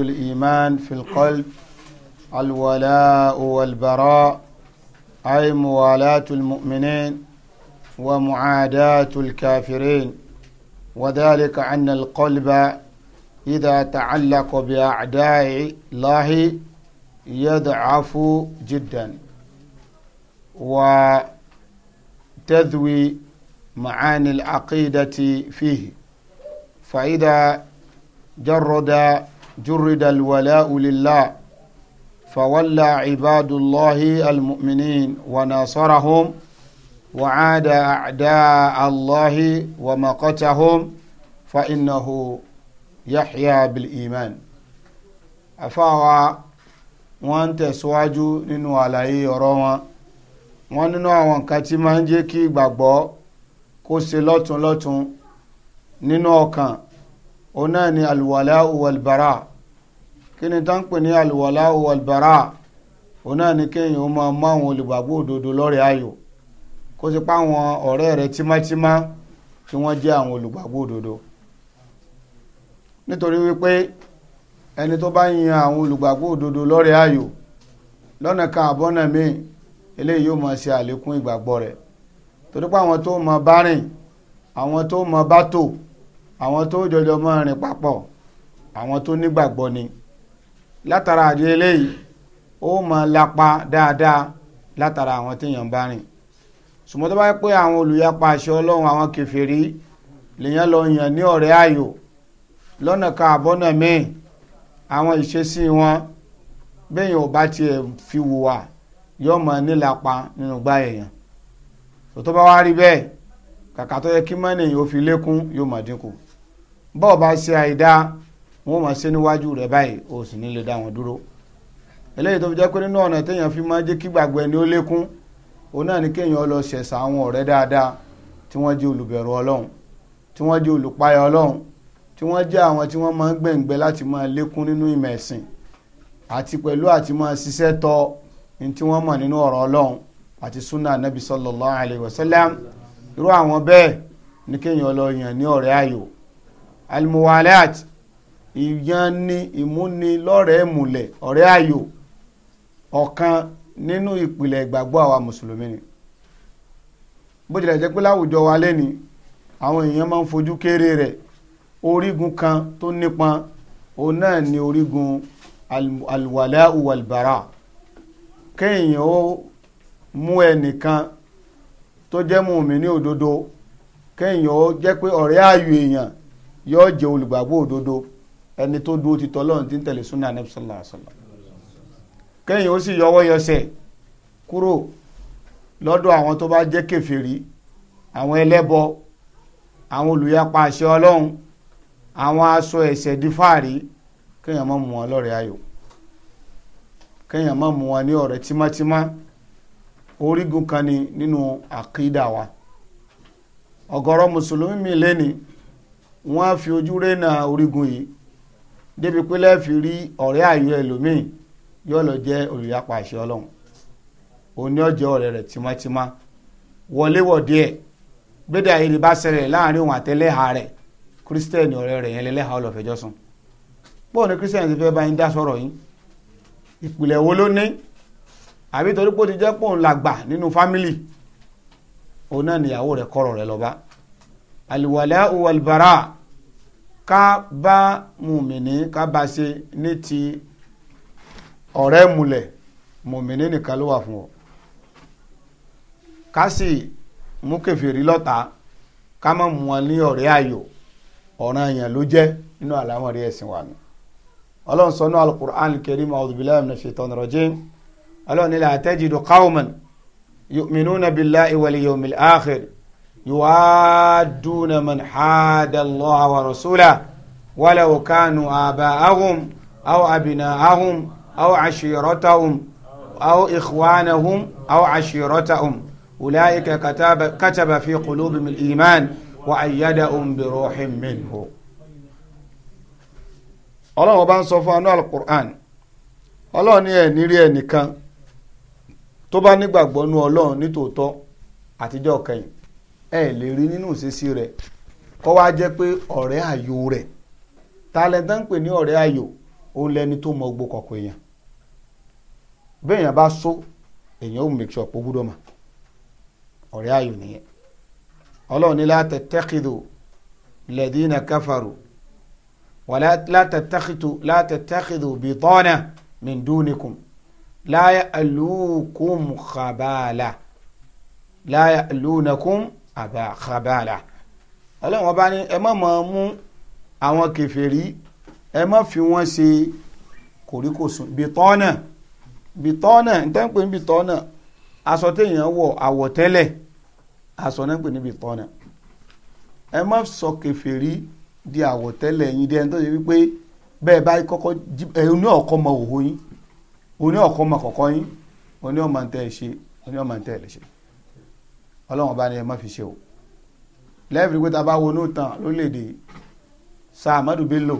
الإيمان في القلب الولاء والبراء أي موالاة المؤمنين ومعاداة الكافرين وذلك أن القلب إذا تعلق بأعداء الله يضعف جدا وتذوي معاني العقيدة فيه فإذا جرد جرد الولاء لله فولى عباد الله المؤمنين وناصرهم وعاد أعداء الله ومقتهم فإنه يحيى بالإيمان أفاوى wọ́n ń tẹ̀síwájú nínú àlàyé ọ̀rọ̀ wọn wọ́n nínú àwọn nǹkan tí máa ń jẹ́ kí ìgbàgbọ́ kó ṣe lọ́tún lọ́tún nínú ọkàn òun náà ni alwala walbara kí ni tá ń pè ní àlùwàlá wàlbàrà òun náà ni kéèyàn ó máa mọ àwọn olùgbàgbọ́ òdodo lọ́rẹ̀ẹ́ ayò kó sì pa àwọn ọ̀rẹ́ rẹ̀ tímátímá tí wọ́n jẹ́ àwọn olùgbàgbọ́ òdodo nítorí wípé ẹni tó bá yin àwọn olùgbàgbọ́ òdodo lọ́rẹ̀ẹ́ ayò lọ́nà kan àbọ́nà míì eléyìí yóò máa ṣe àlékún ìgbàgbọ́ rẹ̀ torí pé àwọn tó mọ bá àwọn tó mọ bá àwọn tó jọjọ mọ rìn papọ̀ àwọn tó nígbàgbọ́ ni látara àdé eléyìí ó máa lapa dáadáa látara àwọn téèyàn bá rìn ṣùgbọ́n tó bá pé àwọn olùyapa àṣẹ ọlọ́run àwọn kèfèrí lèèyàn lọ yàn ní ọ̀rẹ́ ayò lọ́nà kan àbọ́nà míì àwọn ìṣesí wọn béèyàn ò bá tiẹ̀ fi wùwà yóò máa nílapa nínú gbá èèyàn tó bá wá rí bẹ́ẹ̀ kàkà tó yẹ kí mọ́nì yóò fi lékún yóò máa dínkù bọ́ọ̀ bá ṣe àìdáa wọ́n máa ṣe níwájú rẹ̀ báyìí o sì ní lè dá wọn dúró eléyìí tó fi jẹ́ pé nínú ọ̀nà téèyàn fi máa jẹ́ kí gbàgbọ́ ẹni ó lékún òun náà ni kéèyàn lọ ṣẹ̀ṣà àwọn ọ̀rẹ́ dáadáa tí wọ́n jẹ́ olùbẹ̀rù ọlọ́run tí wọ́n jẹ́ olùpayà ọlọ́run tí wọ́n jẹ́ àwọn tí wọ́n máa ń gbẹ̀ǹgbẹ́ láti máa lékún nínú ìmọ̀ ẹ̀sìn àti pẹ̀lú àti máa ṣiṣẹ́ tọ ní tí wọ́n mọ̀ nínú ọ̀rọ̀ ọlọ́run àti sunna anabi sallallahu alayhi wa sallam irú àwọn bẹ́ẹ̀ ni kéèyàn lọ yàn ní ọ̀rẹ́ ayò almuwalat ìyanni ìmúni lọ́rẹ̀ẹ́ múlẹ̀ ọ̀rẹ́ ayò ọ̀kan nínú ìpìlẹ̀ ìgbàgbọ́ àwa mùsùlùmí ni bó tilẹ̀ jẹ́ pé láwùjọ wa lẹ́ni àwọn èèyàn máa ń fojú kéré rẹ̀ orígun kan tó nípọn òun náà ni orígun alwàlá uwalbara kéèyàn ó mú ẹnìkan tó jẹ́ mùmínì òdodo kéèyàn ó jẹ́ pé ọ̀rẹ́ ayò èèyàn yóò jẹ́ olùgbàgbọ́ òdodo ẹni tó dúró ti tọ́lọ́run tí ń tẹ̀lé súnà Ànábì sallallahu alaihi wasallam kẹ́yìn ó sì yọwọ́ yọsẹ̀ kúrò lọ́dọ̀ àwọn tó bá jẹ́ kèfèrí àwọn ẹlẹ́bọ àwọn olùyapa àṣẹ ọlọ́run àwọn aṣọ ẹ̀ṣẹ̀ dífàárí kẹ́yìn má mú wọn lọ́rẹ̀ẹ́ ayò kẹ́yìn má mú wọn ní ọ̀rẹ́ tímátímá orígun kan ni nínú àkídà wa ọ̀gọ̀rọ̀ mùsùlùmí mi lẹ́ni wọ́n á fi ojú rẹ́nà orígun yìí débi pé lẹ́ẹ̀fì rí ọ̀rẹ́ àyò ẹlòmíì yóò lọ jẹ́ olùyapa àṣẹ ọlọ́run òní ọjọ́ ọ̀rẹ́ rẹ̀ tímọ́tímọ́ wọléwọ̀dé ẹ̀ gbédè ayélujára bá ṣẹlẹ̀ láàrin òun àtẹlẹ́hà rẹ̀ kírísítẹ́nì ọ̀rẹ́ rẹ̀ yẹn lẹ́lẹ́hà ọlọ́fẹ̀jọ́ sùn pọ́ọ̀ ni kírísítẹ́nì ti fẹ́ bá dá sọ̀rọ̀ yín ìpìlẹ̀ wo ló ní àbí torí pé ó ti jẹ́ pòun làgbà nínú fámìlì òun náà níyàwó rẹ̀ kọ́rọ̀ rẹ̀ lọ́ba àlùwàlá òwàlùbárà ká bá mùmìnì ká bá ṣe ní ti ọ̀rẹ́ mulẹ̀ mùmìnì nìkan ló wà fún ọ ká sì mú kèfèrí lọ́ta ká má mú wọn ní ọ̀rẹ́ ayò ọ̀ràn èèyàn ló jẹ́ nínú àlámọ̀rí ẹ̀sìn wa ni ọlọ́run sọ náà alukur'an karim a'udhu billahi minash shaitani rajim ọlọ́run ní la tajidu qawman yu'minuna billahi wal yawmil akhir يوادون من حاد الله ورسوله ولو كانوا آباءهم أو أبناءهم أو عشيرتهم أو إخوانهم أو عشيرتهم أولئك كتب, كتب في قلوبهم الإيمان وأيدهم بروح منه الله ọba ń sọ الله anú alukur'an ọlọ́run ní ẹ̀ní rí ẹnìkan tó bá nígbàgbọ́ nú ẹ lè rí nínú ìṣesí rẹ̀ kọ́ wá jẹ́ pé ọ̀rẹ́ àyò rẹ̀ talẹ̀ntà ń pè ní ọ̀rẹ́ àyò ó lẹ́ni tó mọ gbogbo kọ̀kọ̀ èèyàn béèyàn bá sọ èèyàn ó make sure pé ó gbúdọ̀ mà ọ̀rẹ́ àyò nìyẹn ọlọ́run ní la tattakhidhu ladhina kafaru wa la tattakhidhu la tattakhidhu bitana min dunikum la ya'lukum khabala la ya'lunakum àbá àkàbàlà ọlọ́run ọba ní ẹ má mọ̀ mú àwọn kèfèrí ẹ má fi wọ́n ṣe kòríkòsùn bìtọ́nà bìtọ́nà ntẹ́ǹpé ní bìtọ́nà aṣọ téèyàn wọ̀ àwọ̀tẹ́lẹ̀ aṣọ náà ń pè ní bìtọ́nà ẹ má sọ kèfèrí di àwọ̀tẹ́lẹ̀ yín dẹ́n tó ṣe wípé bẹ́ẹ̀ bá kọ́kọ́ ẹ oní ọ̀kọ́ mọ òhó yín oní ọ̀kọ́ mọ kọ̀kọ́ yín oní ọ̀mọ̀ ntẹ́ ọlọ́run ọba ni ẹ má fi ṣe o lẹ́ẹ̀fì pé ta bá wo nóòtàn lórílẹ̀‐èdè sa Ahmadu Bello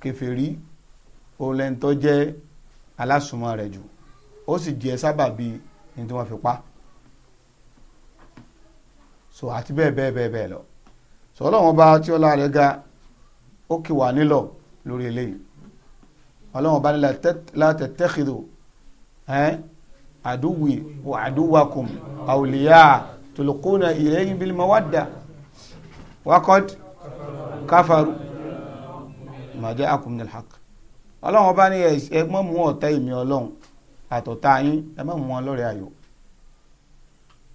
kèfèrí òun lẹ́ńtọ́ jẹ́ alásùnmọ́ rẹ̀ jù ó sì jẹ́ sábàbí ní tí wọ́n fi pa so àti bẹ́ẹ̀ bẹ́ẹ̀ bẹ́ẹ̀ bẹ́ẹ̀ lọ so ọlọ́run ọba tí ọlá rẹ̀ ga ó kì wá nílọ̀ lórí eléyìí ọlọ́run ọba ní látẹ̀tẹ̀kìdò ẹ́ aduwi wa aduwakum awliya tulquna ilayhim bil mawadda wa qad kafaru ma ja'akum min al haqq ọlọ́run ọba ní ẹ mọ́ mú ọ̀tá èmi ọlọ́run àtọ̀tá yín ẹ mọ́ mú wọn lọ́rẹ̀ ayò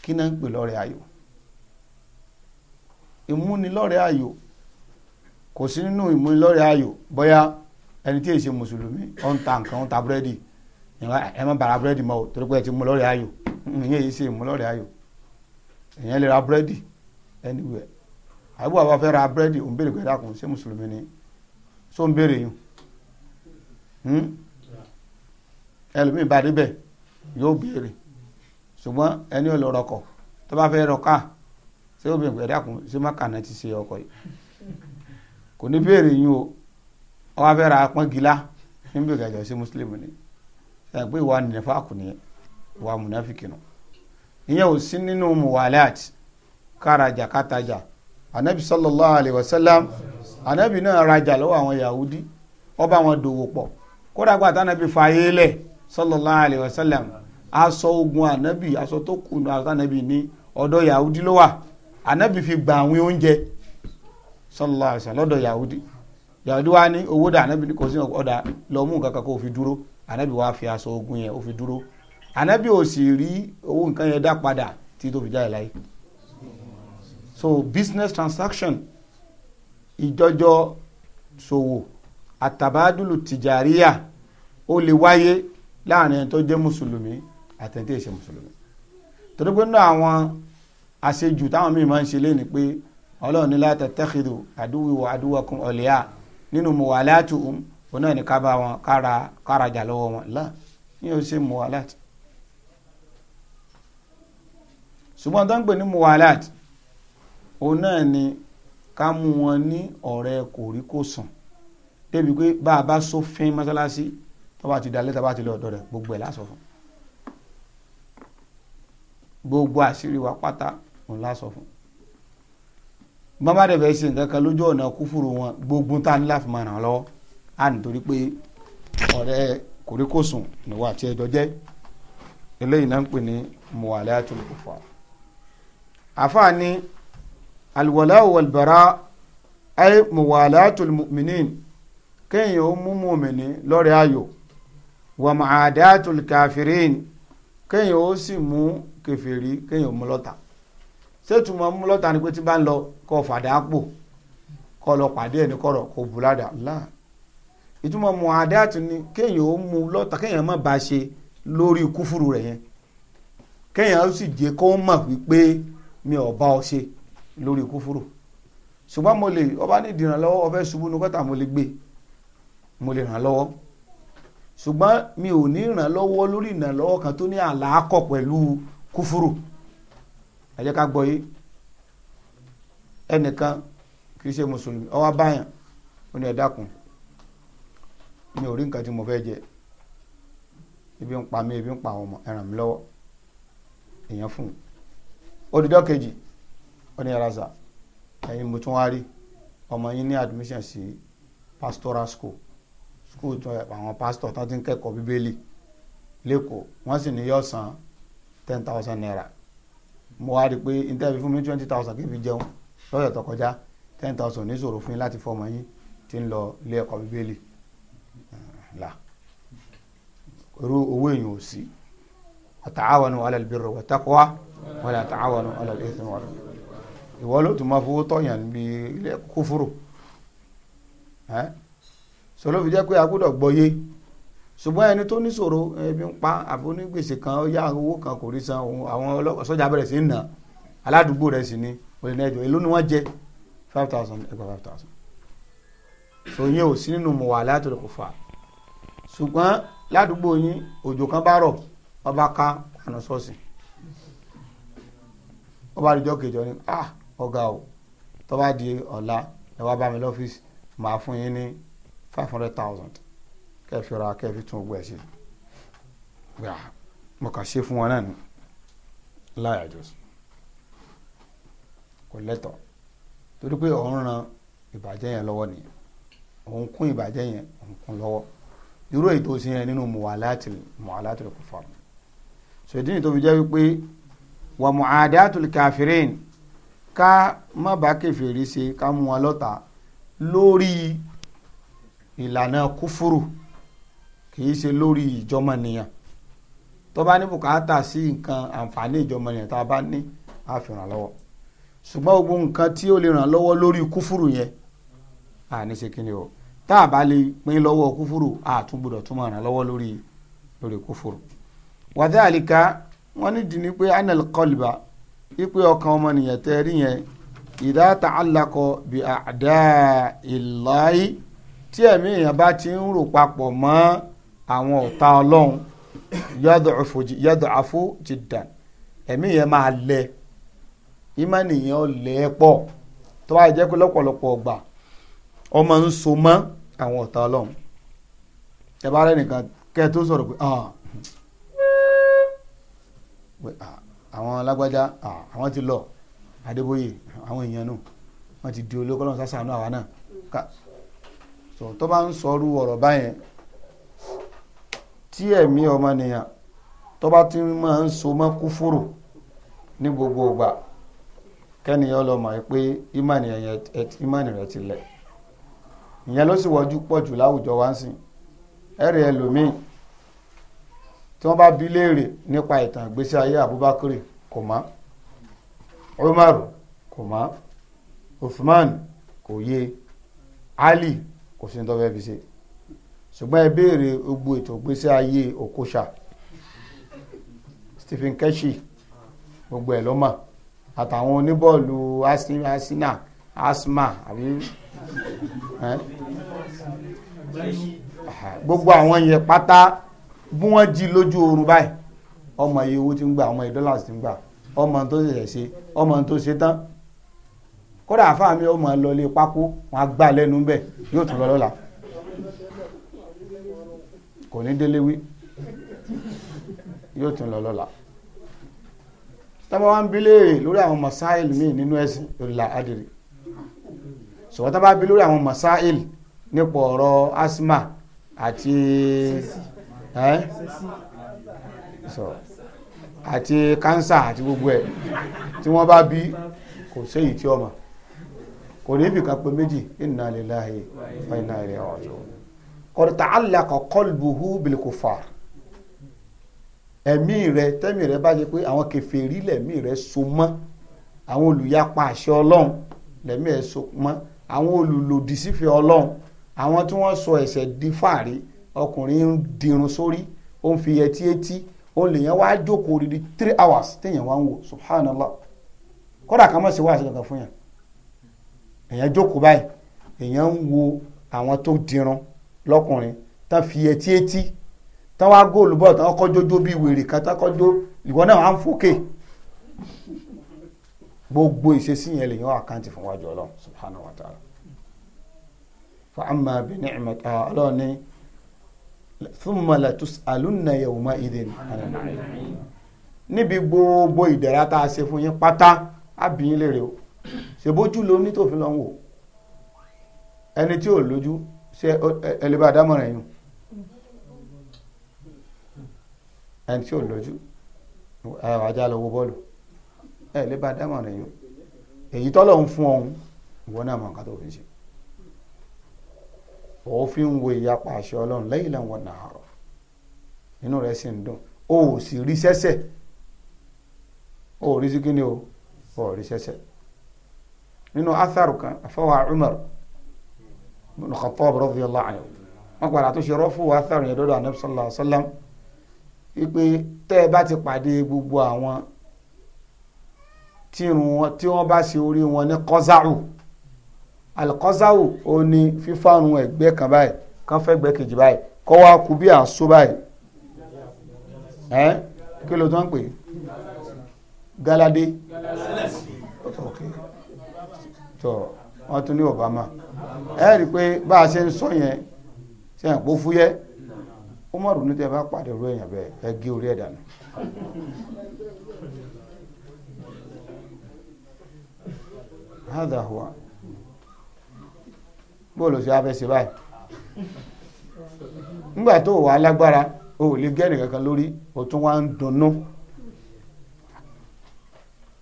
kí náà ń pè lọ́rẹ̀ ayò ìmúnilọ́rẹ̀ ayò kò sí nínú ìmúnilọ́rẹ̀ ayò bóyá ẹni tí èsì mùsùlùmí ó ń ta nǹkan ó ń ta búrẹ́dì ẹ má bara búrẹ́dì mọ́ o torí pé ẹ ti mú lọ́rẹ̀ ayò ìyẹn yìí ṣe mú lọ́rẹ̀ ayò èèyàn lè ra búrẹ́dì anywhere àbúrò àwọn afẹ́ ra búrẹ́dì òun béèrè pé dákun ṣé mùsùlùmí ni ṣó ń béèrè yìí ẹlòmíì bá débẹ̀ yóò béèrè ṣùgbọ́n ẹni ò lọ rọkọ̀ tó bá fẹ́ rọkà ṣé ó béèrè pé dákun ṣé mákànnà ti ṣe ọkọ̀ yìí kò ní béèrè yìí o wọ́n fẹ́ ra pọ́ngilá níbi pé ìwà nìfàkù ni ìwà mùnáfíkì nù ìyẹn ò sí nínú muwalat kárajà kátajà anabi sallallahu alayhi wa sallam anabi náà rajà lọ́wọ́ àwọn yahudi ọba àwọn dòwò pọ̀ kódà gba àtànàbí fààyè lẹ̀ sallallahu alayhi wa sallam aṣọ ogun anabi aṣọ tó kùnú àtànàbí ní ọ̀dọ̀ yahudi ló anabi fi gba àwọn oúnjẹ sallallahu alayhi wa sallam lọ́dọ̀ yahudi yahudi wa ní owó dà anabi ní kò sí ọ̀dà lọ́mú kankan kó fi dúró anabi wàá fi aṣọ ogun yẹn ó fi dúró anabi ò sì rí owó nǹkan yẹn dá padà tí tó fi jáde láyé so business transaction ìjọjọ ṣòwò àtàbádùlù tìjàríyà ó lè wáyé láàrin ẹni tó jẹ́ mùsùlùmí àtẹ̀ntẹ̀ ìṣe mùsùlùmí torí pé nínú àwọn àṣejù táwọn míì máa ń ṣe léni pé ọlọ́run ní la tattakhidhu àdúwì wa aduwakum awliya nínú mọ̀wálátù um ona ni ní ká bá wọn kára kárajà lọ́wọ́ wọn là ní o ṣe muwalat ṣùgbọ́n tó ń pè ní muwalat òun náà ní ká mú wọn ní ọ̀rẹ́ kòríkòsùn débi pé bá a bá sófin mọ́sálásí tó bá ti dalẹ́ tó bá ti lọ ọ̀dọ̀ rẹ̀ gbogbo ẹ̀ lásọ̀ fún gbogbo àṣírí wa pátá òun lásọ̀ fún bọ́n bá dẹ̀ bẹ́ẹ̀ ṣe nǹkan kan lójú ọ̀nà kúfùrù wọn gbogbo tá a ní láfi máa ràn án lọ́wọ́ á nítorí pé ọ̀rẹ́ kòríkòsùn níwà tí ẹjọ́ jẹ́ eléyìí náà ń pè ní muwalatul kufa àfáà ni alwala walbara ay muwalatul mu'minin kéèyàn ó mú mùmìnì lọ́rẹ̀ ayò wà ma'adatul kafirin kéèyàn ó sì mú kèfèrí kéèyàn mú lọ́tà sétùmọ̀ mú lọ́tà ni pé tí bá ń lọ kọ́ fàdà pò kọ́ lọ pàdé ẹ̀ ní kò bùládà láà ìtumọ̀ muhadat ni kéèyàn ó mu lọ́ta kéèyàn má ba ṣe lórí kúfúrú rẹ̀ yẹn kéèyàn ó sì jẹ́ kó mọ̀ wípé mi ò bá ọ ṣe lórí kúfúrú ṣùgbọ́n mo lè ọba ní ìdìrànlọ́wọ́ ọfẹ́ ṣubú nu kọ́tà mo lè gbé mo lè ràn lọ́wọ́ ṣùgbọ́n mi ò ní ràn lọ́wọ́ lórí ìrànlọ́wọ́ kan tó ní àlàákọ̀ pẹ̀lú kúfúrú ẹ ká gbọ́ yé ẹnìkan kì í ṣe mùsùlùmí ó báyàn ó ní ẹ dákun mi ò rí nǹkan tí mo fẹ́ jẹ ebi ń pa mí ebi ń pa àwọn ọmọ ẹ ràn mí lọ́wọ́ èèyàn fún un odidọ́ kejì ó ní yàrá ẹ̀yin mo tún wá rí ọmọ yín ní admission sí pastoral school school tún àwọn pastor tán ti ń kẹ́kọ̀ọ́ bíbélì lẹ́kọ̀ọ́ wọ́n sì ní yóò san ten thousand naira mo wá rí i pé intanet fún mi twenty thousand kí n fi jẹun lọ́sẹ̀ tó kọjá ten thousand ní ṣòro fún yín láti fọmọ yín tí ń lọ ilé ẹ̀kọ́ bíbélì là irú owó èèyàn ò sí àtàwọn ala albirri wattaqwa wala àtàwọn ala al-ithmi wal ìwọ ló tún máa fowó tọ̀yàn níbi ilé kúfúrò sọlọ́ fi jẹ́ pé a gbọ́dọ̀ gbọ́yé ṣùgbọ́n ẹni tó níṣòro ebi ń pa àfonígbèsè kan ó yá owó kan kò rí san àwọn sọ́jà bẹ̀rẹ̀ sí ń nà aládùúgbò rẹ̀ sì ni olè náà èlò ni wọ́n jẹ five thousand ẹgbẹ́ five thousand so yín ò sí nínú muwalatul kufar ṣùgbọ́n ládùúgbò yín òjò kan bá rọ̀ wọ́n bá ká àná ṣọ́ọ̀ṣì wọ́n bá dijọ́ kejì ni ah ọ̀gá o tó bá di ọ̀la ẹ wá bá mi lọ́fíìsì màá fún yín ní five hundred thousand kẹfì ra kẹfì tún gbẹ ṣe gbà mo ah, kà ṣe fún wọn náà ni láyà kò lẹ́tọ̀ọ́ torí pé ọ̀hún ran ìbàjẹ́ yẹn lọ́wọ́ nìyẹn òun kún ìbàjẹ́ yẹn òun kún lọ́wọ́ irú èyí tó ṣe yẹn nínú muwalatil muwalatil kufar so ìdí nìyí tó fi jẹ́ wípé wà muadatul kafirin ká má bá kèfèrí ṣe ká mú wọn lọ́ta lórí ìlànà kúfúrù kìí ṣe lórí ìjọmọnìyàn tó bá ní bùkátà sí nǹkan àǹfààní ìjọmọnìyàn tá a bá ní àfihàn lọ́wọ́ ṣùgbọ́n gbogbo nǹkan tí ó lè ràn lọ́wọ́ lórí kúfúrù yẹn àní ṣe kíni o tá a bá lè pín lọ́wọ́ kúfúrú àtún gbọdọ̀ tún máa ràn lọ́wọ́ lórí lórí kúfúrú. wàdálíkà wọn ní dìní pé anal kọlba ipe ọkàn ọmọnìyàn tẹ rí yẹn ìdá ta'allaqo bi àdá ìláyé tí ẹ̀mí èèyàn bá ti ń rò papọ̀ mọ́ àwọn ọ̀tá ọlọ́run yad'afu jiddan ẹ̀mí yẹn máa lẹ ìmánìyàn lẹ́ẹ̀pọ̀ tó bá jẹ́ pé lọ́pọ̀lọpọ̀ ọgbà ọmọ ń so mọ́ àwọn ọ̀tá ọlọ́run ẹ bá rẹ nìkan kẹ́ ẹ tó sọ̀rọ̀ pé ah. Ah, àwọn alágbájá ah, àwọn ti lọ adébóyè àwọn èèyàn nù wọ́n ti di olóko lọ́run sásàánú àwa náà ká sọ tó bá ń sọrú ọ̀rọ̀ báyẹn tí ẹ̀mí ọmọnìyàn tó bá ti máa ń so mọ́ kúfúrù ní gbogbo ìgbà kẹ́niyàn lọ mọ̀ pé ìmánì rẹ̀ ti lẹ̀ ìyẹn ló sì wọjú pọ̀ jù láwùjọ wa ń sìn ẹ̀rẹ̀ ẹlòmíì tí wọ́n bá bi léèrè nípa ìtàn ìgbésí ayé Abubakar kò mọ̀ Umar kò mọ̀ Uthman kò yé Ali kò sí ní tó fẹ́ fi ṣe ṣùgbọ́n ẹ béèrè gbogbo ètò ìgbésí ayé Okocha Stephen Keshi gbogbo ẹ̀ ló mọ̀ àtàwọn oníbọ́ọ̀lù Asina Asma àbí gbogbo àwọn yẹn pátá bí wọ́n jí lójú oorun báyìí ọmọ iye owó ti ń gbà ọmọ iye dọ́là ti ń gbà ọmọ tó ṣẹ̀ṣẹ̀ ṣe ọmọ tó ṣe tán kódà àfáà mi ọmọ lọlé pákó wọn á gbà lẹ́nu bẹ̀ yóò tún lọ lọ́la kò ní délé wí yóò tún lọ lọ́la tọ́mọ wa ń bi lórí àwọn mọ̀sáìlì míì nínú ẹ̀sìn òrìlà adìrì sọ̀wọ́n tó bá bí lórí àwọn masail nípa ọ̀rọ̀ asma àti ẹ́ sọ àti kánsà àti gbogbo ẹ̀ tí wọ́n bá bí kò séyìí tí ọmọ kò ní ibìkan pé méjì inna lillahi wa inna ilayhi raji'un qad ta'allaqa qalbuhu bil kufar ẹ̀mí rẹ tẹ́mí rẹ bá jẹ́ pé àwọn kèfèrí lẹ̀mí rẹ so mọ́ àwọn olùyapa àṣẹ ọlọ́run lẹ̀mí rẹ so mọ́ àwọn olùlòdì sífẹ̀ẹ́ ọlọ́run àwọn tí wọ́n sọ ẹ̀sẹ̀ di fàárí ọkùnrin ń dirun sórí ó ń fi etí etí ó lèyàn wá jókòó odidi three hours téèyàn wá ń wò subhanallah kódà ká mọ̀ sí wáṣẹ kankan fún yàn èèyàn jókòó báyìí èèyàn ń wo àwọn tó dirun lọ́kùnrin tán fi etí etí tán wá góòlù bọ́ọ̀ tán kọjọ́jọ́ bíi wèrè kan tán kọjọ́ ìwọ náà wà ń fòkè gbogbo ìṣesí yẹn lè yan àkáǹtì fún wájú ọlọ́run subhanahu wa ta'ala fa amma bi ni'mat ah, ọlọ́run ní thumma la tus'alunna yawma idhin níbi gbogbo ìdẹ̀ra tá a ṣe fún yín pátá á bi yín léèrè o ṣèbójú ló ní tòfin lọ́n ẹni tí ò lójú ṣe ẹlẹ́bà dámọ̀ràn yìí ẹni tí ò lójú ẹ̀ wájà lọ wo bọ́ọ̀lù ẹ lè bá dámọ̀ràn rẹ̀ yó èyí tọ́lọ̀ ń fún ọ̀hún ìwọ náà mọ̀ nǹkan tó fi ṣe òfin wo ìyapa àṣẹ ọlọ́run lẹ́yìn lẹ́wọ̀n nàárọ̀ inú rẹ̀ sì ń dùn o ò sì rí sẹ́sẹ̀ o ò rí sí kí ni o o ò rí sẹ́sẹ̀ nínú atharu kan afọwọ́ Umar ibn Khattab radiyallahu wọn padà tó ṣe rọ́fù atharu yẹn dọ́dọ̀ anabi sallallahu alayhi wa sallam wípé tẹ́ ẹ bá ti pàdé gbogbo àwọn tí wọ́n bá ṣe orí wọn ní kọ́sáwù alikọ́sáwù ó ní fífárun ẹ̀gbẹ́ kan báyìí kan fẹ́ gbẹ́ kejì báyìí kọ́ wa kú bí àṣọ báyìí ẹ́ kí ló tó ń pè é galade tó wọ́n tún ní obama ẹ rí i pé bá a ṣe ń sọ yẹn ṣe é pò fúyẹ́ ó mọ̀rún ní tẹ́ bá pàdé orí èèyàn bẹ́ẹ̀ ẹ gé orí ẹ̀ dànù. hádà wà bóòlù sí abẹ́sẹ̀ báyìí nígbà tó wà lágbára o lè kankan lórí o tún wá ń dunnú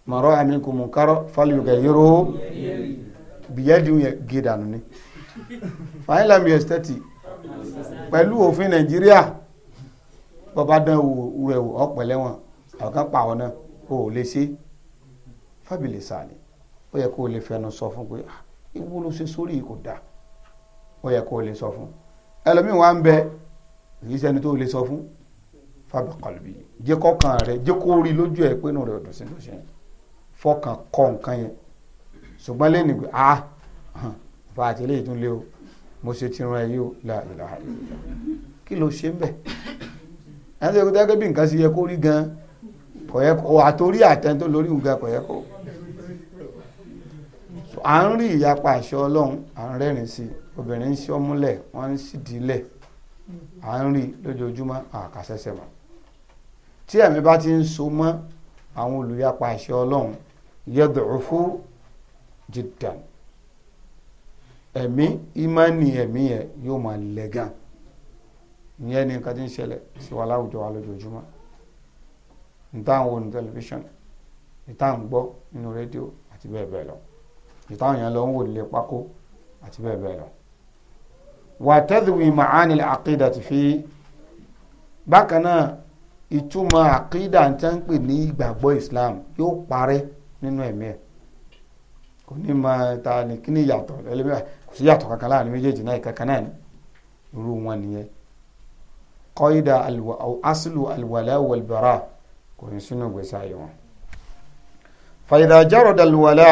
mọ̀rọ́ àmì kò mú kárọ́ fálùyọ̀gẹ̀ yóró bìyẹ́dì yẹn gé dànù ni fàyínlàmì ẹ̀sítẹ́tì pẹ̀lú òfin nàìjíríà bọ́bá dán ọ̀pẹ̀lẹ́wọ̀n àwọn kan pa o lè ṣe ó yẹ kó o lè fẹnu sọ fún pé ìwọ ah, ló ṣe sórí kò dáa ó yẹ kó o lè sọ fún ẹlòmíì wà ń bẹ kì í ṣẹni tó lè sọ fún fábà kọlùbí jẹ́ kọkàn rẹ jẹ́ kó rí lójú ẹ pé inú rẹ ò sí ló ṣe fọkàn kọ nǹkan yẹn ṣùgbọ́n lẹ́nu ìgbé ah bá a ti lè lé o mo ṣe ti ran ẹ yìí la ilaha illallah kí ló ṣe ń bẹ ẹni tó yẹ kó tẹ́gẹ́ bí nǹkan ṣe yẹ kó rí gan kò àtòrí àtẹn lórí nǹkan kò à ń rí ìyapa àṣẹ ọlọ́run à ń rẹ́rìn sí obìnrin ń ṣe ọmúlẹ̀ wọ́n ń ṣìdílẹ̀ à ń rí lójoojúmọ́ àkàṣẹṣẹ mọ́ tí ẹ̀mí bá ti ń so mọ́ àwọn olùyapa àṣẹ ọlọ́run yad'ufu jiddan ẹ̀mí ìmánì ẹ̀mí yẹn yóò máa lẹ̀ gan ìyẹn ni nǹkan tí ń ṣẹlẹ̀ sí wa láwùjọ wa lójoojúmọ́ nítawọn wo ní tẹlifíṣàn nítawọn gbọ́ nínú rédíò àti bẹ́ẹ̀ bẹ́ẹ̀ lọ ìtàwọn èèyàn lọ ń wò nílé pákó àti bẹ́ẹ̀ bẹ́ẹ̀ lọ. wà tẹ́dùwì màánì àkídà ti fi bákan náà ìtumọ̀ àkídà ń tẹ́ ń pè ní ìgbàgbọ́ Islam yóò parẹ́ nínú ẹ̀mí ẹ̀ kò ní máa ta ni kí ni ìyàtọ̀ ẹlẹ́mìíràn kò sí ìyàtọ̀ kankan láàrin méjèèjì náà ìkankan náà ni irú wọn nìyẹn kọ́ídà asìlù alwàlá wàlbàrà kò ní sínú gbèsè ayé wọn. fàyidà járòdà alwàlá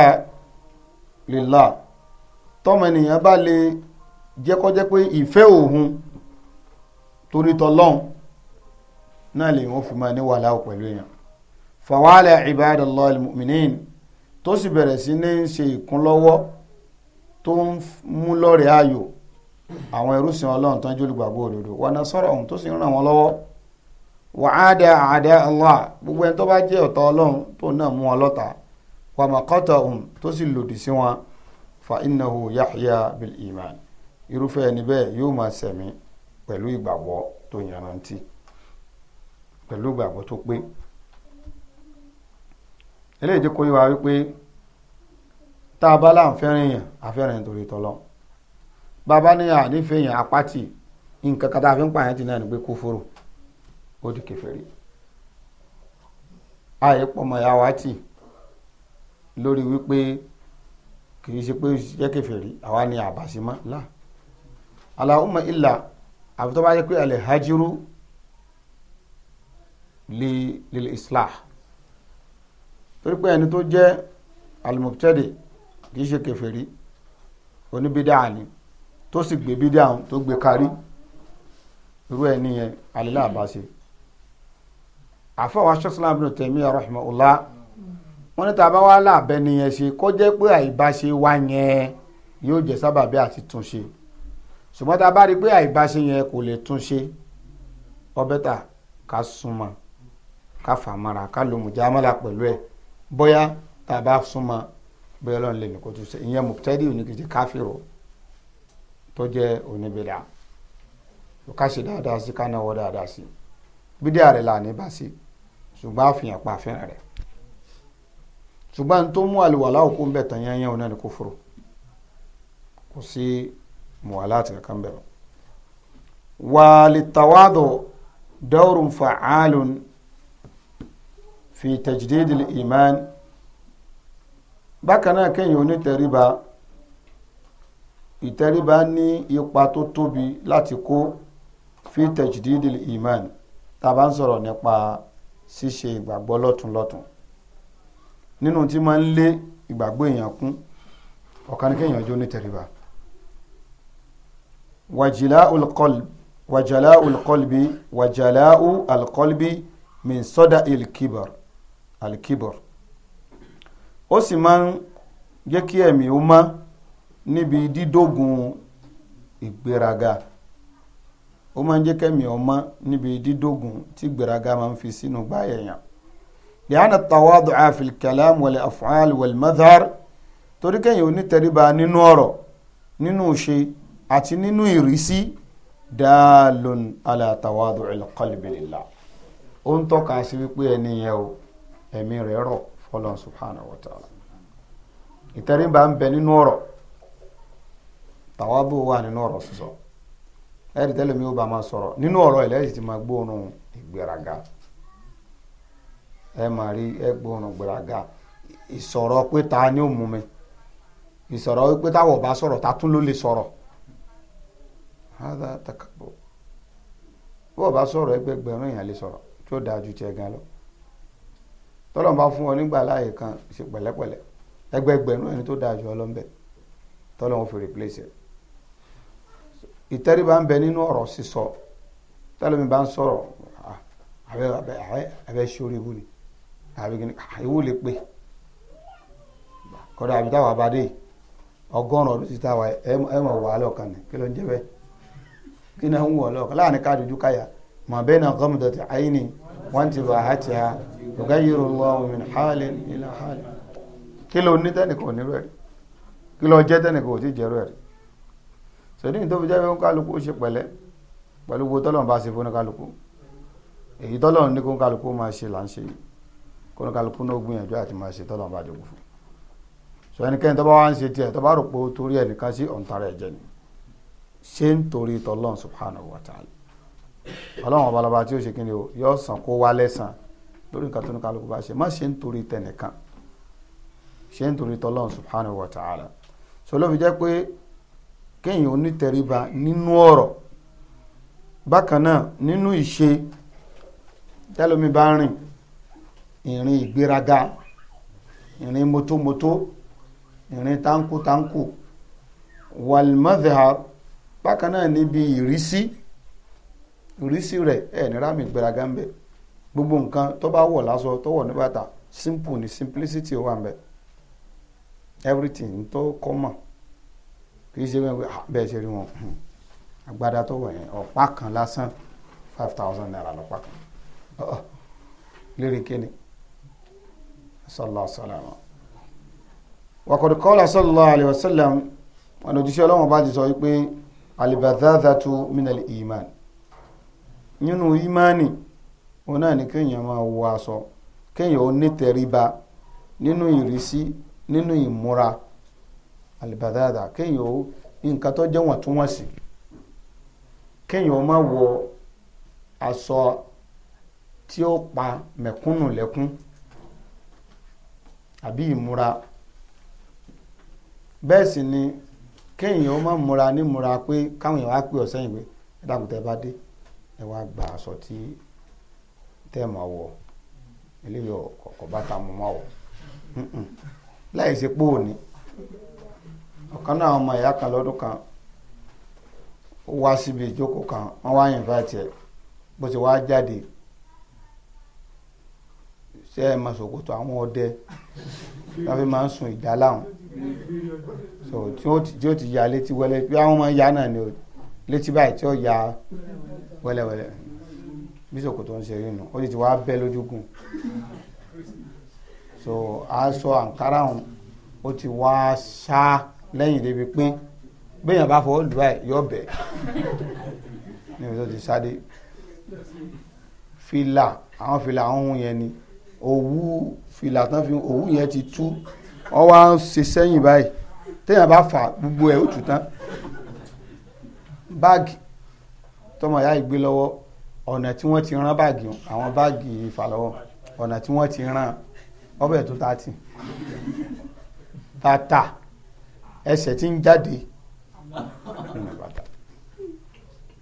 lílà tọ́mọ ènìyàn bá lè jẹ́kọ́jẹ́ pé ìfẹ́ òun torí tọlọ́hun náà lè wọ́n fi máa ní wàhálà pẹ̀lú èèyàn fàwálà ibadallah almu'minin tó sì bẹ̀rẹ̀ sí ní ṣe ìkúnlọ́wọ́ tó ń mú lọ́rẹ̀ ayò àwọn ẹrúsìn ọlọ́run tán jólùgbàgbọ́ òdodo wà náà sọ̀rọ̀ ohun tó sì ń ràn wọ́n lọ́wọ́ wàhádà àdá Allah gbogbo ẹni tó bá jẹ́ ọ̀tá ọlọ́run tó náà mú ọlọ́ta wàmàkọ́tàhùn tó sì lòdì sí wọn fa innahu yahya bil iman irúfẹ́ ẹni bẹ́ẹ̀ yóò máa sẹ̀mí pẹ̀lú ìgbàgbọ́ tó yanrantí pẹ̀lú ìgbàgbọ́ tó pé eléyìí jẹ́ kó yé wa wípé tá a bá láǹfẹ́rìn yàn àfẹ́rìn torí tọ́lọ́ bàbá ní ànífẹ́ yàn apátì nǹkan kan tá a fi ń pààyàn ti náà ni pé kúfúrù ó di kèfèrí àyè pọ̀ mọ́ ìyá wa tì lórí wípé kì í ṣe pé jẹ́ kèfèrí àwa ni àbàṣe mọ́ là aláwùmọ̀ ìlà àfi tó bá yẹ pé alẹ́ hajiru li lil islah torí pé ẹni tó jẹ́ alimọ̀tẹ́dì kì í ṣe kèfèrí oníbídà ni tó sì gbé bídà tó gbé kárí irú ẹ̀ nìyẹn alẹ́ làbàṣe àfọwọ́ aṣọ́sílámù tẹ̀mí rahimahullah wọ́n ní tàbá wá láàbẹ̀ nìyẹn ṣe kó jẹ́ pé àìbáṣe wa yẹn yóò jẹ́ sábàbí àti túnṣe ṣùgbọ́n tá a bá rí i pé àìbáṣe yẹn kò lè túnṣe ọbẹ̀ta ká súnmọ́ ká fàmọ́ra ká ló mú jámọ́lá pẹ̀lú ẹ̀ bóyá tá a bá súnmọ́ bóyá lọ́n lè nìkó túnṣe ìyẹn mọ̀tẹ́dì oníkejì káfíìrò tó jẹ́ oníbẹ̀dà ká ṣe dáadáa sí ká náwó dáadáa sí bídíà rẹ̀ là ní bá sí ṣùgbọ́n àfihàn pa àfihàn rẹ̀ ṣùgbọ́n tó mú àlùwàlá òkú ń bẹ̀ tán yányán òun náà ni kúfúrù kò sí mùwàlá àti kankan bẹ̀rẹ̀ wàlì tàwádò dawrun fa'alun fi tajdid al-iman bákan náà kéèyàn onítẹríba ìtẹríba ní ipa tó tóbi láti kó fi tajdid iman tá ń sọ̀rọ̀ nípa ṣíṣe ìgbàgbọ́ lọ́tùnlọ́tùn nínú tí máa ń lé ìgbàgbọ́ èèyàn kún ọ̀kan ní kéèyàn jó ní tẹríba wàjìlá olùkọlù wàjàlá olùkọlùbí wàjàlá olùkọlùbí min sọ́dá ilkibar alkibar ó sì máa ń jẹ́ kí ẹ̀mí ó má níbi dídógun ìgbéraga ó máa ń jẹ́ kẹ́mi ó níbi dídógun tí ìgbéraga máa ń fi sínú gbáyẹ̀yàn lẹ́yìn at-tawadu'a fil kalam wal af'al wal madhar torí kẹ́yìn onítẹ̀ríba nínú ọ̀rọ̀ nínú ṣe àti nínú ìrísí daalun ala tawadu'il qalbi lillah ó ń tọ́ka sí wípé ẹni yẹn o ẹ̀mí rẹ̀ rọ̀ fọlọ́n subhanahu wa ta'ala ìtẹríba ń bẹ nínú ọ̀rọ̀ tàwábù wà nínú ọ̀rọ̀ sísọ ẹ̀rí tẹ́lẹ̀ mi ó bá máa sọ̀rọ̀ nínú ọ̀rọ̀ ẹ̀ lẹ́yìn tí máa gbóòórùn ìgbéraga ẹ máa rí ẹgbọràn gbàràgà ìsọ̀rọ̀ pé ta ni ó mú mi ìsọ̀rọ̀ pé táwọ̀ bá sọ̀rọ̀ ta tún ló lè sọ̀rọ̀ hádà takabọ̀ bọ́ọ̀ bá sọ̀rọ̀ ẹgbẹgbẹ̀rún èèyàn lè sọ̀rọ̀ tí ó dáa ju tiẹ̀ gan lọ tọ́lọ̀ bá fún ọ nígbà láàyè kan ṣe pẹ̀lẹ́pẹ̀lẹ́ ẹgbẹgbẹ̀rún ẹni tó dáa ju ọlọ́mbẹ tọ́lọ̀ wọn fi replace ẹ̀ ìtẹríba ń bẹ nínú ọ̀rọ̀ sísọ tẹ́lẹ̀ mi bá ń sọ̀rọ̀ àbẹ́ àbẹ́ àbẹ́ ṣorí ibú ni àbí kìíní ìwò lè pè kọ́dọ̀ àbí táwa bá dé ọgọ́rùn-ún ọdún sí táwa ẹ mọ̀ wà lọ́kàn ní kí ló ń jẹ́ bẹ́ẹ̀ kí náà ń wọ̀ lọ́kàn láàrin káàdì ojú káyà mà bẹ́ẹ̀ náà gọ́mìtọ̀ ti àyín ni wọ́n ti bàá ti ha ọ̀gá yìí rò lọ́wọ́ min hálẹ̀ ila hálẹ̀ kí ló ní tẹ́nìkan ò ní rẹ̀ kí ló jẹ́ tẹ́nìkan ò tí jẹ́ rẹ̀ sọdí tó fi jẹ́ pé kálukú ṣe pẹ̀lẹ́ pẹ̀lú gbogbo tọ́lọ́run bá ṣe fún kálukú èyí tọ́lọ́run ní kó kálukú máa ṣe là ń ṣe yìí kónú kálukú náà gbìyànjú àti máa ṣe tọ́lọ́ bá jogún fún sọ ẹnikẹ́ni tó bá wá ń ṣe tiẹ̀ tó rò pé ó torí ẹnìkan sí ọ̀ǹtarà ẹ̀jẹ̀ ni ṣé ń torí tọ́lọ́n subhanahu wa ta'ala ọlọ́run ọba lọba tí ó ṣe kí ni o yọ sàn kó wá lẹ́sàn lórí nǹkan tó ní kálukú bá ṣe má ṣe ń torí tẹnìkan ṣe ń torí tọ́lọ́n subhanahu wa ta'ala sọ ló fi jẹ́ pé kéèyàn onítẹríba nínú ọ̀rọ̀ bákan náà nínú ìṣe tẹ́lómi bá rìn ìrìn ìgbéraga ìrìn motomoto ìrìn tankutanku walmadhar bákan náà níbi ìrísí ìrísí rẹ̀ ẹ̀ nira mi gbéraga ń bẹ gbogbo nǹkan tó bá wọ̀ lásọ tó wọ̀ ní simple ni simplicity wà ń bẹ everything tó common kì í ṣe bẹ́ẹ̀ ah, ṣe rí wọn hmm. agbada tó wọ̀ yẹn ọ̀pá kan lásán five thousand naira lọ́pá kan lérí kéne sọlá sọlámà wàkọ̀dùkọ́lá sọlá alayhi wa sallam ọ̀nà òjíṣẹ́ ọlọ́run bá ti sọ wípé alibadadatu minal iman nínú imani òun náà ni kéèyàn máa wọ aṣọ kéèyàn ó nítẹríba nínú ìrísí nínú ìmúra alibadada kéèyàn ó nǹkan tó jẹ́ wọ̀ntúnwọ̀nsì kéèyàn ó máa wọ aṣọ tí ó pa mẹ̀kúnnù lẹ́kún. Le àbí ìmúra bẹ́ẹ̀ sì ni kéèyàn ó má múra nímúra pé káwọn èèyàn wá pè ọ́ sẹ́yìn pé ẹ dákun tẹ́ bá dé ẹ wá gba aṣọ tí tẹ́ ẹ̀ máa wọ̀ eléyìí ọ̀kọ̀ bàtà mo máa wọ̀ láì ṣe pé òní ọ̀kan náà ọmọ ìyá kan lọ́dún kan ó wá síbi ìjókòó kan wọ́n wá yìn fáìtì ẹ̀ bó ṣe wá jáde ṣé ẹ mọ ṣòkòtò àwọn ọdẹ wọn fi máa ń sun ìdáláhùn so tí ó ti ya létí wẹlẹ bí àwọn máa ń ya náà ni o létí báyìí tí ó ya wẹlẹwẹlẹ bí ṣòkòtò ń ṣe rí nu ó sì ti wá bẹ lójúgùn so aṣọ àǹkárá ọ̀hún ó ti wá ṣá lẹ́yìn débi pín béèyàn bá fọwọ́ lù báyìí yọ bẹ̀ ní ìfẹ́ tó ti sáré fìlà àwọn fìlà àwọn ohun yẹn ni òwú fìlà tán fi òwú yẹn ti tú wọ́n wá ń ṣe sẹ́yìn báyìí téèyàn bá fà gbogbo ẹ̀ ó tù tán báàgì tọmọ ìyá ìgbé lọ́wọ́ ọ̀nà tí wọ́n ti rán báàgì àwọn báàgì ìfàlọ́wọ́ ọ̀nà tí wọ́n ti rán ọbẹ̀ tó ta tì bàtà ẹsẹ̀ tí ń jáde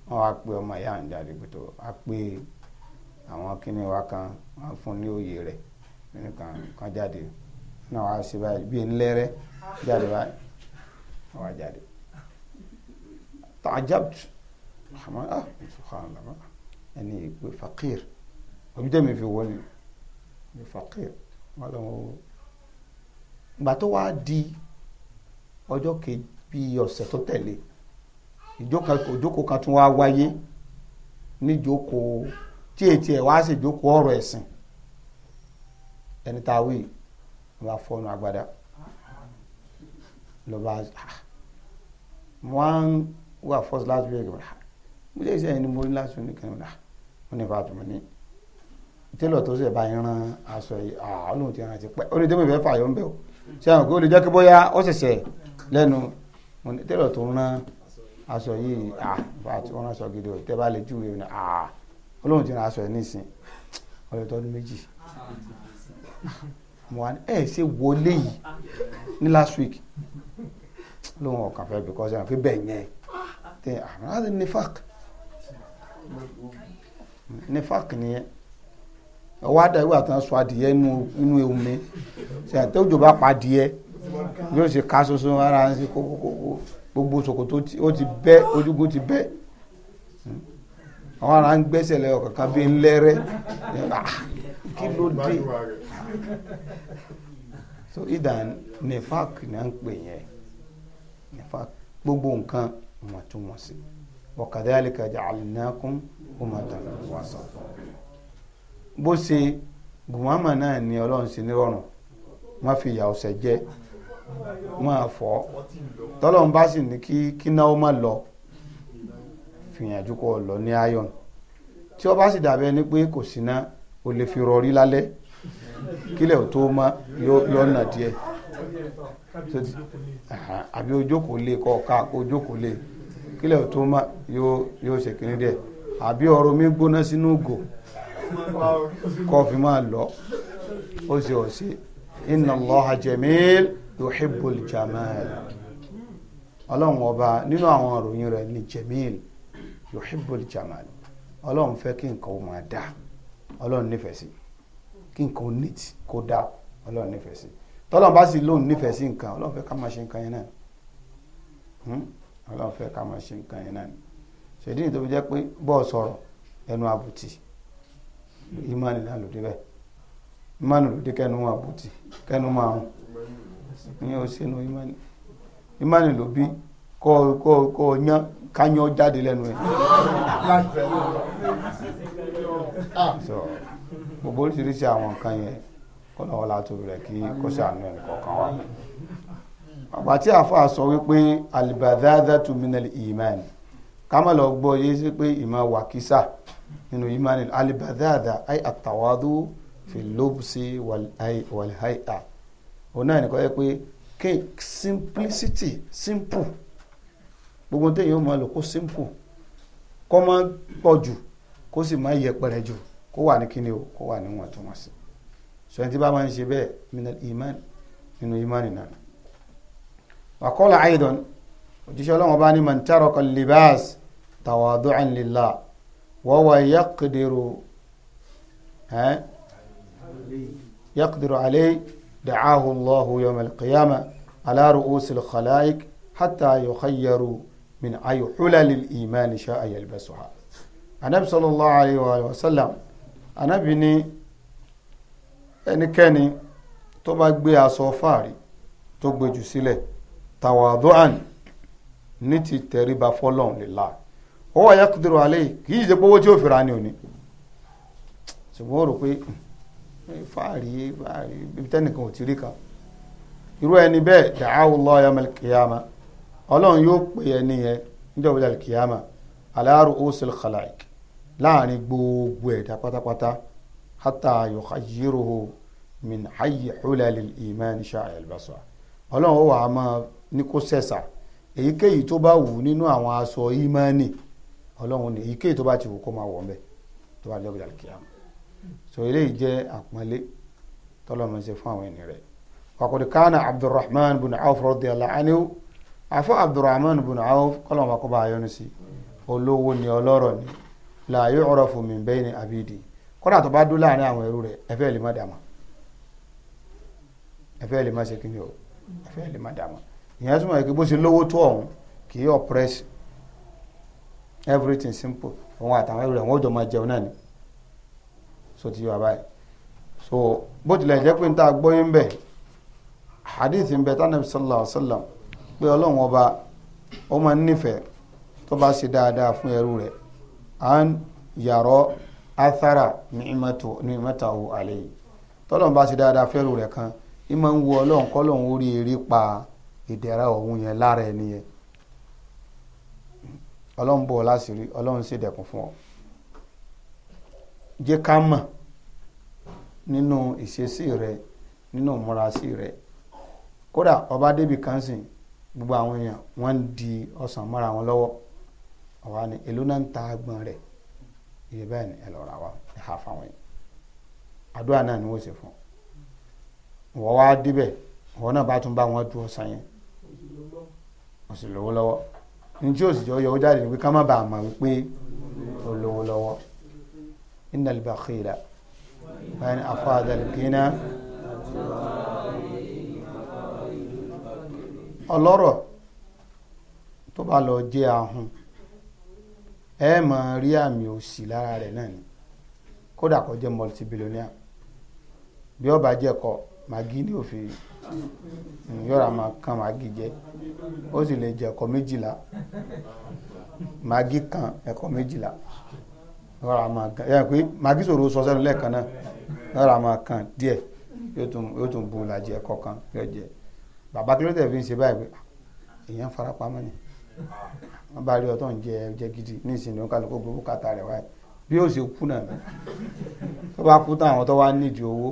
wọ́n wá pé ọmọ ìyá ń jáde pé tó àwọn kíní wa kan wọ́n fún ní òye rẹ̀ nínú kan kan jáde náà wàá ṣe báyìí bíi ńlẹ́rẹ́ jáde báyìí wàá jáde tàjábùtù àmọ́ ah subhanallah ẹni ìpè fakir òbí tẹ̀mí fi wọ́n ni fakir wọ́n lọ́wọ́ gbà tó wá di ọjọ́ kejì bíi ọ̀sẹ̀ tó tẹ̀lé ìjókòó kan tún wá wáyé níjókòó tí ètí ẹ̀ wá ṣèjókòó ọ̀rọ̀ ẹ̀sìn ẹni tá a wí ló bá fọ́nù agbada ló bá ah, wọ́n wà fọ́sí láti bí ẹ̀gbọ́n mo lè ṣe ẹni mo ní láti oníkan náà ah, mo ní bá tún mi ní tẹ́lọ̀ tó ṣe bá yín rán aṣọ yìí ọlọ́run ah, ti rán ti pẹ́ ó lè dé mi fẹ́ fààyàn bẹ́ẹ̀ o ṣé àwọn kò lè jẹ́ kí bóyá ó ṣẹ̀ṣẹ̀ lẹ́nu mo ní tẹ́lọ̀ tó rán aṣọ yìí ó rán aṣọ gidi o tẹ́ bá lè júwe ní olóhùn ti ràn aṣọ ẹ̀ nísìn ọ̀rẹ́ tọdún méjì mo wá ní ẹ̀ ṣe wọlé yìí ní last week lóhùn ọ̀kan fẹ́ because ẹ̀ fi bẹ́ẹ̀ yẹn tẹ àwọn ah, àti nifak nifak nìyẹn ọwọ́ àdáyé wà tán sọ adìyẹ inú ewu mi ṣe àtẹ́wọ́jọ bá pa adìyẹ yóò ṣe ká soso ara ń ṣe kókókókó gbogbo ṣòkòtò ó ti bẹ́ ojúgun ti bẹ́ àwọn ará ń gbẹ́sẹ̀ lẹ́yọ̀ kankan bí ń ah, kí ló dé so idan nefak ni à ń pè yẹn nefak gbogbo nǹkan ìwọ̀ntúnwọ̀nsì wa kadhalika ja'alnakum ummatan wasata bó ṣe gùnmọ́mọ́ náà ni ọlọ́run sí nírọ̀rùn wọ́n fi ìyà ọ̀sẹ̀ jẹ́ wọ́n àfọ́ tọ́lọ́run bá sì ní kí kíná ó má lọ fìyànjú kọ lọ ní iron tí ó bá sì dàbẹ́ ni pé kò sí o lè fi rọrí lálẹ́ kílẹ̀ tó mọ́ yọ ọ̀nà díẹ̀ àbí ojókòó lè kọ́ ká ojókòó lè kílẹ̀ tó mọ́ yóò ṣe díẹ̀ àbí ọrụ mi gbóná sínú kọ́ fi máa lọ ó ọ̀ sí ọlọ́run ọba nínú àwọn ni yuhibbul jamal ọlọ́run fẹ́ kí nǹkan ó máa dá ọlọ́run nífẹ̀ẹ́ sí kí nǹkan ó neat kó dá ọlọ́run nífẹ̀ẹ́ sí tọ́lọ́run bá sì lóun nífẹ̀ẹ́ sí nǹkan ọlọ́run fẹ́ ká máa ṣe nǹkan yẹn náà hmm? ọlọ́run fẹ́ ká máa ṣe nǹkan yẹn náà ṣèdí ni tó fi jẹ́ pé bọ́ọ̀ sọ̀rọ̀ ẹnu àbùtì ìmánì náà lòdì bẹ́ẹ̀ ìmánì lòdì kẹnu àbùtì kẹnu máa rùn ìyẹn ò sínú kọ kọ kọ yan kányọ jáde lẹ́nu ẹ ah, so gbogbo oríṣiríṣi àwọn nǹkan yẹn kọlọ ọlá tóbi rẹ kí kó ṣàánú ẹnì kọ̀ọ̀kan wa àgbà tí àáfàá sọ wípé alibadada tu minal iman kámá lọ gbọ́ yé sí pé ìmọ̀ wàkísà nínú iman alibadada ay atawadu filobsi walhaya òun náà nìkan yẹ pé cake simplicity simple gbogbo téèyàn máa lò kó simple kó má pọ̀ jù kó sì má yẹpẹrẹ jù kó wà ní kíni o kó wà ní wọ̀ntúnwọ̀nsì sọ yẹn tí bá máa ń ṣe bẹ́ẹ̀ minal nínú imani náà wàkọ́lá aidan òjíṣẹ́ ọlọ́run bá ní man taraka libas tawadu'an lillah wa huwa yaqdiru يقدر عليه دعاه الله يوم القيامة على رؤوس الخلائق حتى يخيروا min ayi xulalil imaani ṣe ayalbasuha anabi sallallahu alayhi wa sallam anabi ni ẹnikẹ́ni tó bá gbé aṣọ fáàrí tó gbèjù sílẹ̀ tàwàdùn ní ti tẹríba fọlọ́n lélá ó wà yá kúndùrú alẹ́ kì í ṣe pówó tí ó fìrà ni òní ṣùgbọ́n ó rò pé hmm, fáàrí fáàrí ibi tẹ́nìkan ò ti rí kan irú ẹni bẹ́ẹ̀ dàáwù lọ́ọ́ yamal ọlọ́run yóò pè ẹni yẹn níjọba ìjà kìyàmà aláàrù osil khalaik láàrin gbogbo ẹ̀dá pátápátá hátà yọ̀ká yíròhó min hayi xulali iman shah albasa ọlọ́run ó wà á máa ní kó sẹ̀sà èyíkéyìí tó bá wù nínú àwọn aṣọ ìmánì ọlọ́run ní èyíkéyìí tó bá ti wù kó máa wọ̀ ọ́ bẹ́ẹ̀ tó bá lọ́gbẹ̀dà kìyàmù so eléyìí jẹ́ àpọ́nlé tọ́lọ́mọ fún àwọn ènìyàn rẹ̀ wàkùnrin kánà abdulrahman bin awf radiyallahu anhu àfọ abdulrahman bin awf kọlọmọ bá kó bá yọnu sí olówó ni ọlọ́rọ̀ ni la yu'rafu min bayni abidi kódà tó bá dún láàrin àwọn ẹrú rẹ̀ ẹfẹ lè má dàmà ẹfẹ lè má ṣe kí ni o ẹfẹ lè má dàmà ìyẹn túmọ̀ yìí kí bó ṣe lówó tó ọ̀hún kì í oppress everything simple òun àtàwọn ẹrú rẹ̀ wọ́n jọ máa jẹun náà ni so ti yọ abáyé so bó tilẹ̀ jẹ́ pé n ta gbóyè ń hadith ń bẹ tánàbí sallallahu sallam pé ọlọ́run ọba ó máa ń nífẹ̀ẹ́ tó bá ṣe dáadáa fún ẹrú rẹ̀ à ń athara ni'matahu alayhi tọ́lọ́run bá ṣe dáadáa fún rẹ̀ kan ní máa ń wo ọlọ́run kọ́lọ́run ó eré pa ìdẹ̀ra ọ̀hún yẹn lára ẹni yẹn ọlọ́run bọ̀ láṣìírí ọlọ́run sì dẹ̀kùn fún ọ jẹ́ ká mọ̀ nínú ìṣesí rẹ nínú ìmúrasí rẹ kódà ọba débi kan gbogbo àwọn èèyàn wọ́n ń di ọsàn mọ́ra wọn lọ́wọ́ àwa ni èló náà ń ta agbọ̀n rẹ̀ iye bẹ́ẹ̀ ni ẹ lọ ra wa ẹ ha fáwọn yìí àdúrà náà ni wọ́n ṣe fún wọ́n wá débẹ̀ wọ́n náà bá tún bá wọn du ọsàn yẹn wọ́n sì lówó lọ́wọ́ ní tí òsì jọ yọ ó jáde ni ká má bàa mọ̀ wípé ó lówó lọ́wọ́ innal bakhila báyìí afọ àdàlùkínà. ọlọ́rọ̀ tó bá lọ jẹ́ ahun ẹ rí àmì òsì lára rẹ̀ náà ni kódà kó jẹ́ multibillionaire bí ó bá jẹ́ kọ màgí ní òfin yọ̀rọ̀ máa kan màgí jẹ ó sì lè jẹ ẹ̀kọ́ méjìlá màgí kan méjìlá máa kan pé sọ náà máa kan yóò tún ẹ̀kọ́ kan yóò bàbá kí ló dẹ̀ fi ń ṣe báyìí pé ah, èèyàn fara pamọ́ ni wọ́n bá rí ọtọ́ ń jẹ ẹ̀jẹ̀ gidi ní ìsìn ló ń kálukú gbogbo kàtà rẹ̀ wáyé bí ó ṣe kú náà ni tó bá kú tán àwọn tó wá nídìí owó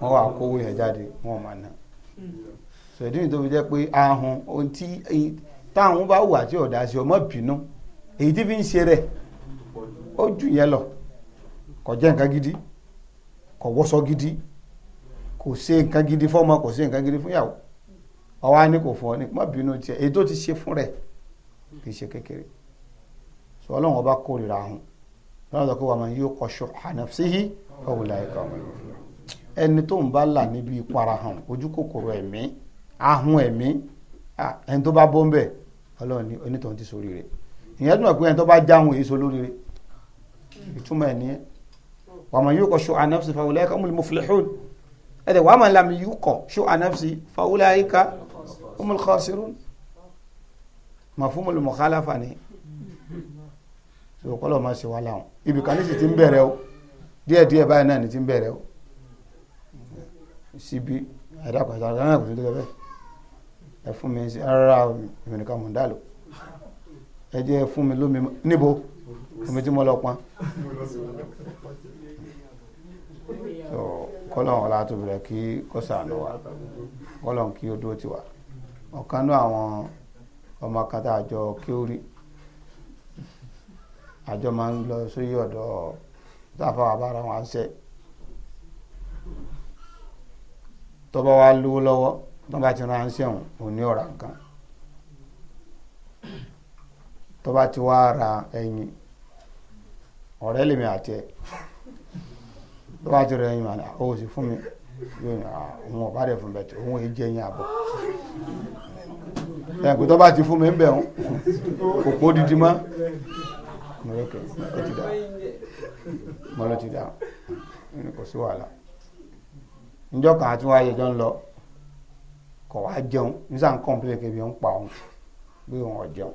wọn wà kówó yẹn jáde wọn ò máa ná sọ̀dí ní tó fi jẹ́ pé ahun ohun tí táwọn bá wù àti ọ̀dà sí ọmọ bínú èyí tí fi ń ṣe rẹ̀ ó jù yẹn lọ kò jẹ́ nǹkan gidi kò wọ́sọ gidi kò ṣe nǹkan gidi fọ́mọ kò ṣe nǹkan gidi fúnyàwó ọwọ́ á ní kò fọ́ ni má bínú tiẹ̀ èyí tó ti ṣe fún rẹ̀ kì í ṣe kékeré sọ ọlọ́run ọba kórìíra ahun lọ́wọ́ sọ pé wàá máa yí ọkọ̀ ṣọ ànàfsíhì ọ̀wùlà ẹ̀ka ọmọ ẹni tó ń bá là níbi ìpara hàn ojú kòkòrò ẹ̀mí ahun ẹ̀mí ẹni tó bá bọ́ ń bẹ̀ ọlọ́run ní onítọ̀hún ti sórí rẹ̀ ìyẹn tó mọ̀ pé ẹni tó bá jáhùn èyí so lórí ìtumọ̀ ẹ̀ nìyẹn wàá máa yí ọkọ̀ ṣọ ànàfsíhì ọ̀wùlà ẹ̀ka ọmọ humul khasirun mafhumul mukhalafa ni so kọ́lọ̀ máa ṣe wá láwọn ibì kan ní sì ti ń bẹ̀rẹ̀ o díẹ̀díẹ̀ báyìí náà ni ti ń bẹ̀rẹ̀ o síbi àìdàpàṣà náà kò sí tó gẹ́gẹ́ ẹ fún mi sí ara ìmìnira mọ̀ndálò ẹ jẹ́ fún mi lómi níbo omi tí mo lọ pọn kọ́lọ̀ ọ̀la tó bẹ̀rẹ̀ kí kọ́sà lọ wa kọ́lọ̀ kí ó dúró ti wà ọ̀kan náà àwọn ọmọ kata àjọ kéwúrí àjọ máa ń lọ sóyè ọ̀dọ̀ táfà àbára wọn àṣẹ tọ́ba wa lówó lọ́wọ́ tọ́ba ti ránṣẹ́ òun òní ọ̀rà nǹkan tọ́ba ti wá ra ẹyin ọ̀rẹ́ lèmi àti ẹ̀ tọ́ba ti ra ẹyin màá ó sì fún mi òun ọ̀bá rẹ̀ fún bẹ̀tẹ̀ òun èjì ẹ̀yìn àbọ̀ ẹ̀kú tó bá ti fún mi ń bẹ̀ ń kò pó didi mọ́ mọ́lọ́kẹ́ ó ti dà mọ́lọ́ ti dà kò sí wàhálà níjọ́ kan àti wáyé jọ ń lọ kọ̀ wá jẹun nísà ń kọ́ńpìlẹ̀ kẹbi ń pa òun bí òun ò jẹun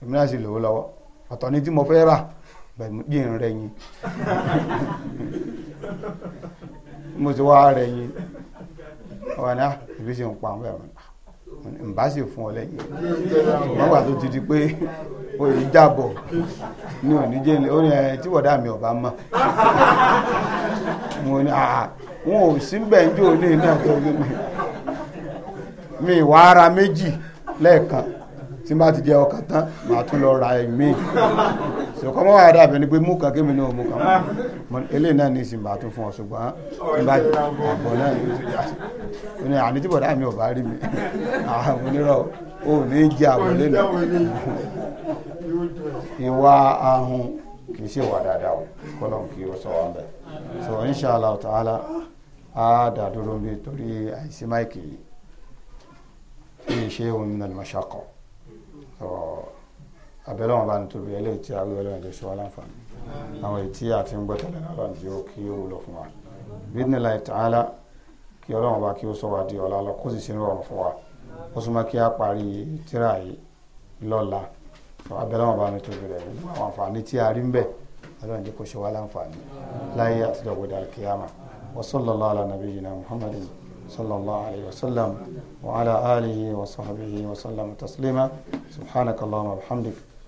èmi náà sì lòó lọ́wọ́ ọ̀tọ̀ ni tí mo fẹ́ rà bẹ̀rù jíǹ rẹ̀ yín mo ti wá rẹ̀ yín wà ní ah, ibi sì ń pa àwọn ẹ̀rọ n bá sì fún ọ lẹ́yìn wọ́n wà tó ti di pé o yìí jábọ̀ ní òní jẹ́lẹ̀ ó ní ẹ tí wọ́dà mi ọba mọ̀ mo ní à ah, wọn ò sí gbẹ̀ǹjọ́ ní iná tó yé mi mi ìwà ara méjì lẹ́ẹ̀kan tí n bá ti jẹ ọkàn tán màá tún lọ ra ẹ̀mí sọkọ mọ wàá dàbẹ ni pé mú kan kémi náà mú kan mọ eléyìí náà ní ìsìn bá tún fún ọ ṣùgbọ́n nígbà àgbọn náà ní oṣù yàtọ̀ ó ní àní tí bọ̀dá mi ò bá rí mi àwọn onírọ̀ ò ní jẹ àbọ̀ lẹ́nu ìwà ahun kì í ṣe wà dáadáa o kọlọm kì í sọ wa bẹ so inshàlá ta'ala á dàdúró bí torí àìsí máìkì yìí fi ṣe òun nínú ìmọ̀ṣàkọ̀ so abẹ́lẹ́ wọn bá ní tóbi eléyìí tí awé ọlọ́run jẹ́ ṣọwọ́ láǹfààní àwọn èyí tí a ti ń gbọ́ tẹ́lẹ̀ náà ọlọ́run yóò kí ó wúlò fún wa bídínláì tààlà kí ọlọ́run bá kí ó sọ wa di ọ̀la lọ kó sì sínú ọ̀run fún wa ó súnmọ́ kí a parí tíra yìí lọ́la abẹ́lẹ́ wọn bá ní tóbi rẹ̀ gbogbo àwọn àǹfààní tí a rí ń bẹ̀ ọlọ́run jẹ́ kó ṣe láǹfààní láyé àtijọ́ gbọdọ̀ kíyàmà صلى الله عليه وسلم وعلى آله وصحبه وسلم تسليما سبحانك اللهم وبحمدك